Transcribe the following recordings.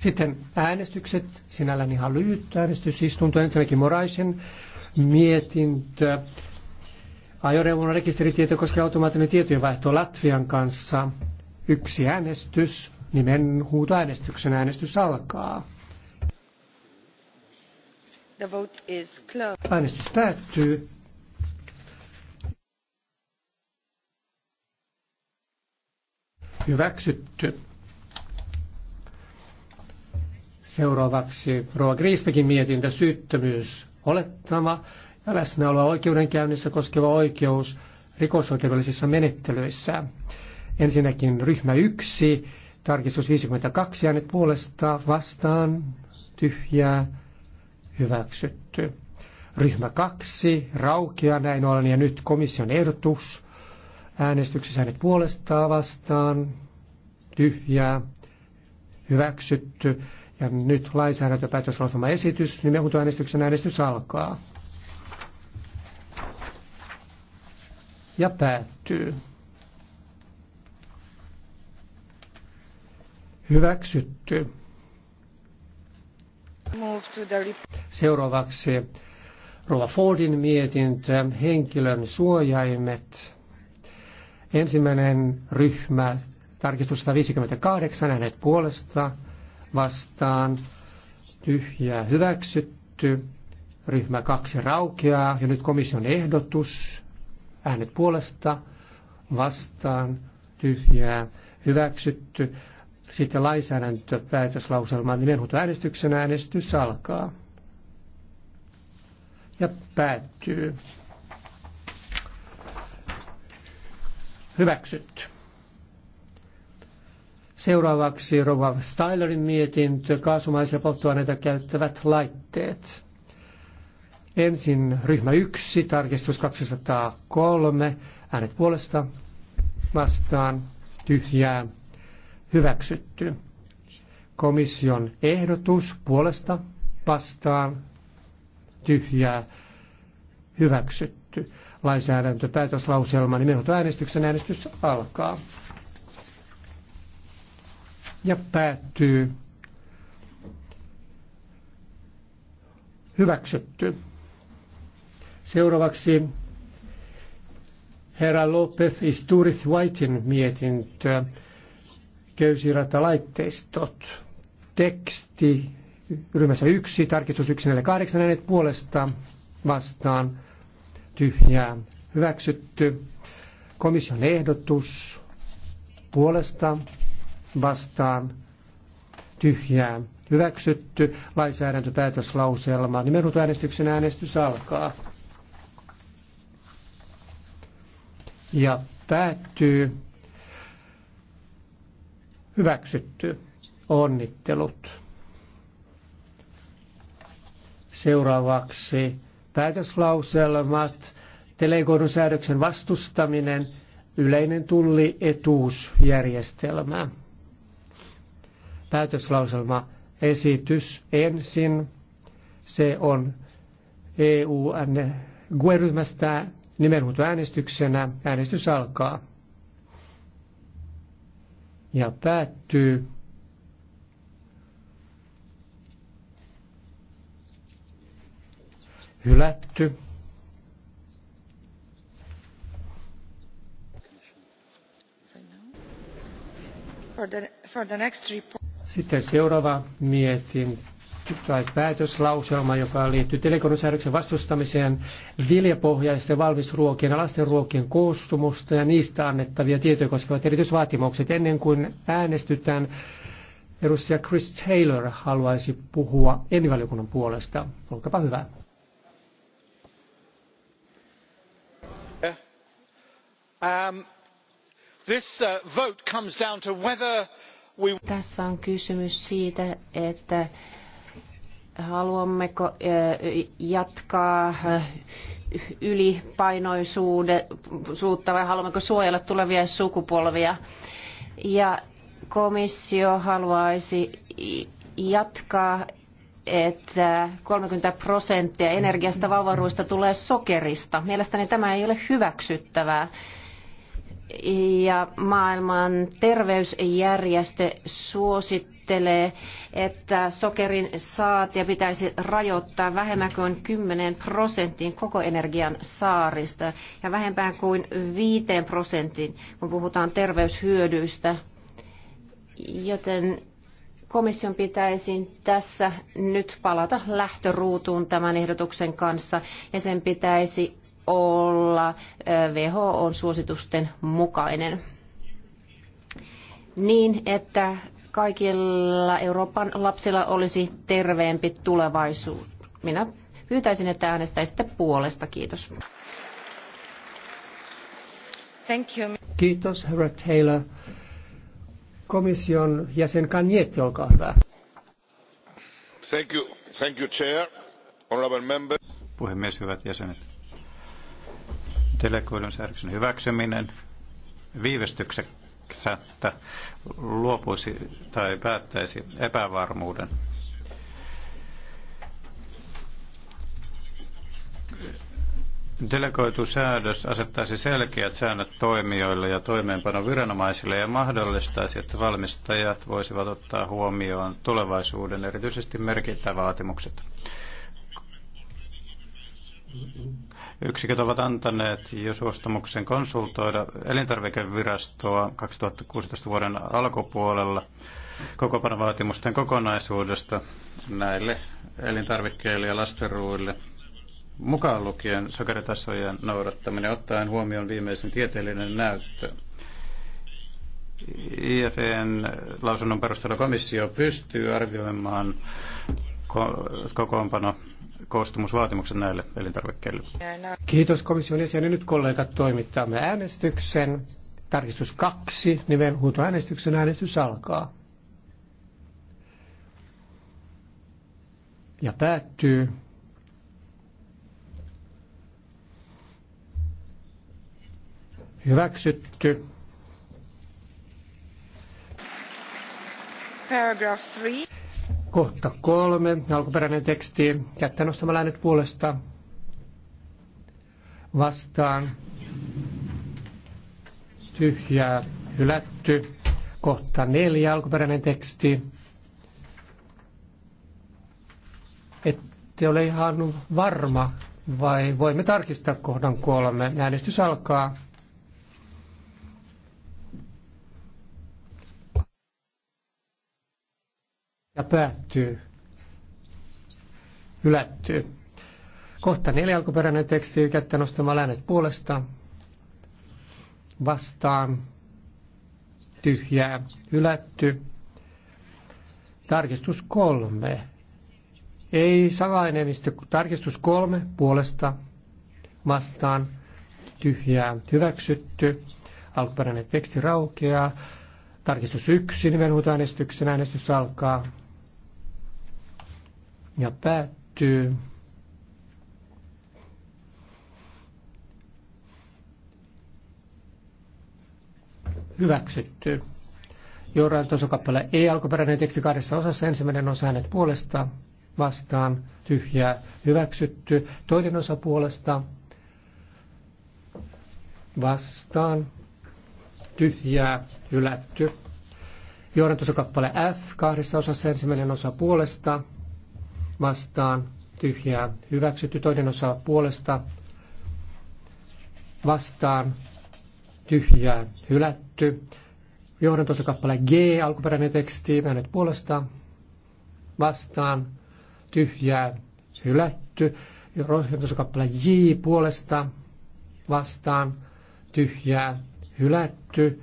Sitten äänestykset, sinällään ihan lyhyt äänestysistunto. Ensinnäkin Moraisen mietintö. Ajoneuvon rekisteritieto koskee automaattinen tietojenvaihto Latvian kanssa. Yksi äänestys, nimen huutoäänestyksen äänestys alkaa. The vote is closed. Äänestys päättyy. Hyväksytty. Seuraavaksi Roa Griisbekin mietintä syyttömyys, olettama ja läsnäoloa oikeudenkäynnissä koskeva oikeus rikosoikeudellisissa menettelyissä. Ensinnäkin ryhmä 1, tarkistus 52 äänet puolesta vastaan tyhjää hyväksytty. Ryhmä 2 raukea näin ollen ja nyt komission ehdotus. Äänestyksessä äänet puolestaan vastaan tyhjää hyväksytty. Ja nyt lainsäädäntöpäätöslauselma esitys, nimenhuutoäänestyksen niin äänestys alkaa. Ja päättyy. Hyväksytty. Seuraavaksi Rova Fordin mietintö, henkilön suojaimet. Ensimmäinen ryhmä, tarkistus 158, hänet puolesta vastaan tyhjää hyväksytty. Ryhmä kaksi raukeaa ja nyt komission ehdotus. Äänet puolesta vastaan tyhjää hyväksytty. Sitten nimenhuuto niin äänestyksen äänestys alkaa ja päättyy. Hyväksytty. Seuraavaksi Rova Stylerin mietintö, kaasumaisia polttoaineita käyttävät laitteet. Ensin ryhmä 1, tarkistus 203, äänet puolesta, vastaan, tyhjää, hyväksytty. Komission ehdotus puolesta, vastaan, tyhjää, hyväksytty. Lainsäädäntö, päätöslauselma, nimenhoitoäänestyksen niin äänestys alkaa ja päättyy. Hyväksytty. Seuraavaksi herra Lopez Isturith Whitein mietintö köysiratalaitteisto't. Teksti ryhmässä yksi, tarkistus 148 äänet puolesta vastaan tyhjää hyväksytty. Komission ehdotus puolesta vastaan tyhjää. Hyväksytty lainsäädäntöpäätöslauselma. Nimenhuuto äänestyksen äänestys alkaa. Ja päättyy. Hyväksytty. Onnittelut. Seuraavaksi päätöslauselmat, delegoidun säädöksen vastustaminen, yleinen etuusjärjestelmä päätöslauselma esitys ensin. Se on EUn GUE-ryhmästä äänestyksenä Äänestys alkaa ja päättyy. Hylätty. For the, for the next report. Sitten seuraava mietin tai päätöslauselma, joka liittyy telekonisäädöksen vastustamiseen, viljapohjaisten valmisruokien ja lastenruokien koostumusta ja niistä annettavia tietoja koskevat erityisvaatimukset. Ennen kuin äänestytään, edustaja Chris Taylor haluaisi puhua enivaliokunnan puolesta. Olkaapa hyvä. Eh, um, this uh, vote comes down to whether tässä on kysymys siitä, että haluammeko jatkaa ylipainoisuutta vai haluammeko suojella tulevia sukupolvia. Ja komissio haluaisi jatkaa, että 30 prosenttia energiasta vauvaruista tulee sokerista. Mielestäni tämä ei ole hyväksyttävää ja maailman terveysjärjestö suosittelee, että sokerin saatia pitäisi rajoittaa vähemmän kuin 10 prosenttiin koko energian saarista ja vähempään kuin 5 prosenttiin, kun puhutaan terveyshyödyistä. Joten komission pitäisi tässä nyt palata lähtöruutuun tämän ehdotuksen kanssa ja sen pitäisi olla WHOn suositusten mukainen niin, että kaikilla Euroopan lapsilla olisi terveempi tulevaisuus. Minä pyytäisin, että äänestäisitte puolesta. Kiitos. Thank you. Kiitos, herra Taylor. Komission jäsen Kanjetti, olkaa hyvä. Thank you, thank you chair, honorable members. Puhemies, hyvät jäsenet delegoidun säädöksen hyväksyminen viivästyksettä luopuisi tai päättäisi epävarmuuden. Delegoitu säädös asettaisi selkeät säännöt toimijoille ja viranomaisille ja mahdollistaisi, että valmistajat voisivat ottaa huomioon tulevaisuuden erityisesti merkintävaatimukset. Yksiköt ovat antaneet jo suostumuksen konsultoida elintarvikevirastoa 2016 vuoden alkupuolella kokopanovaatimusten vaatimusten kokonaisuudesta näille elintarvikkeille ja lastenruuille mukaan lukien sokeritasojen noudattaminen ottaen huomioon viimeisen tieteellinen näyttö. IFEn lausunnon perusteella komissio pystyy arvioimaan kokoonpano koostumusvaatimukset näille elintarvikkeille. Kiitos komission jäsen. Nyt kollegat toimittamme äänestyksen. Tarkistus kaksi, äänestyksen äänestys alkaa. Ja päättyy. Hyväksytty. Paragraph 3. Kohta kolme, alkuperäinen teksti, kättä nostamalla nyt puolesta vastaan, tyhjää, hylätty. Kohta neljä, alkuperäinen teksti. Ette ole ihan varma, vai voimme tarkistaa kohdan kolme. Äänestys alkaa. päättyy. ylättyy Kohta neljä alkuperäinen teksti, kättä nostamaan äänet puolesta. Vastaan. Tyhjää. ylätty Tarkistus kolme. Ei sama Tarkistus kolme puolesta. Vastaan. Tyhjää. Hyväksytty. Alkuperäinen teksti raukeaa. Tarkistus yksi nimenhuutoäänestyksen äänestys alkaa ja päättyy. Hyväksytty. Joran tasokappale ei alkuperäinen teksti kahdessa osassa. Ensimmäinen osa hänet puolesta vastaan tyhjää hyväksytty. Toinen osa puolesta vastaan tyhjää hylätty. tosokappale F kahdessa osassa ensimmäinen osa puolesta vastaan tyhjää hyväksytty. Toinen osa puolesta vastaan tyhjää hylätty. kappale G, alkuperäinen teksti, nyt puolesta vastaan tyhjää hylätty. kappale J puolesta vastaan tyhjää hylätty.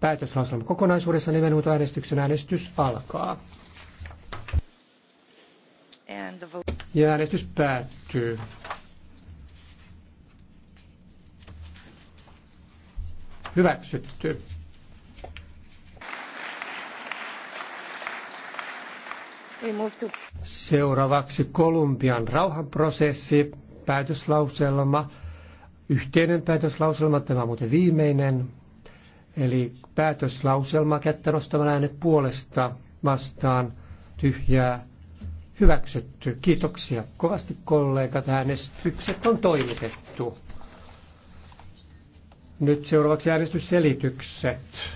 Päätöslauselma kokonaisuudessa nimenhuutoäänestyksen äänestys alkaa. Ja äänestys päättyy. Hyväksytty. Seuraavaksi Kolumbian rauhanprosessi, päätöslauselma, yhteinen päätöslauselma, tämä on muuten viimeinen, eli päätöslauselma, kättä nostamalla äänet puolesta vastaan, tyhjää, hyväksytty. Kiitoksia kovasti kollegat. Äänestykset on toimitettu. Nyt seuraavaksi äänestysselitykset.